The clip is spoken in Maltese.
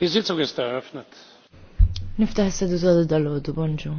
Die Sitzung ist eröffnet. Niftaħ s-seduta bonġu.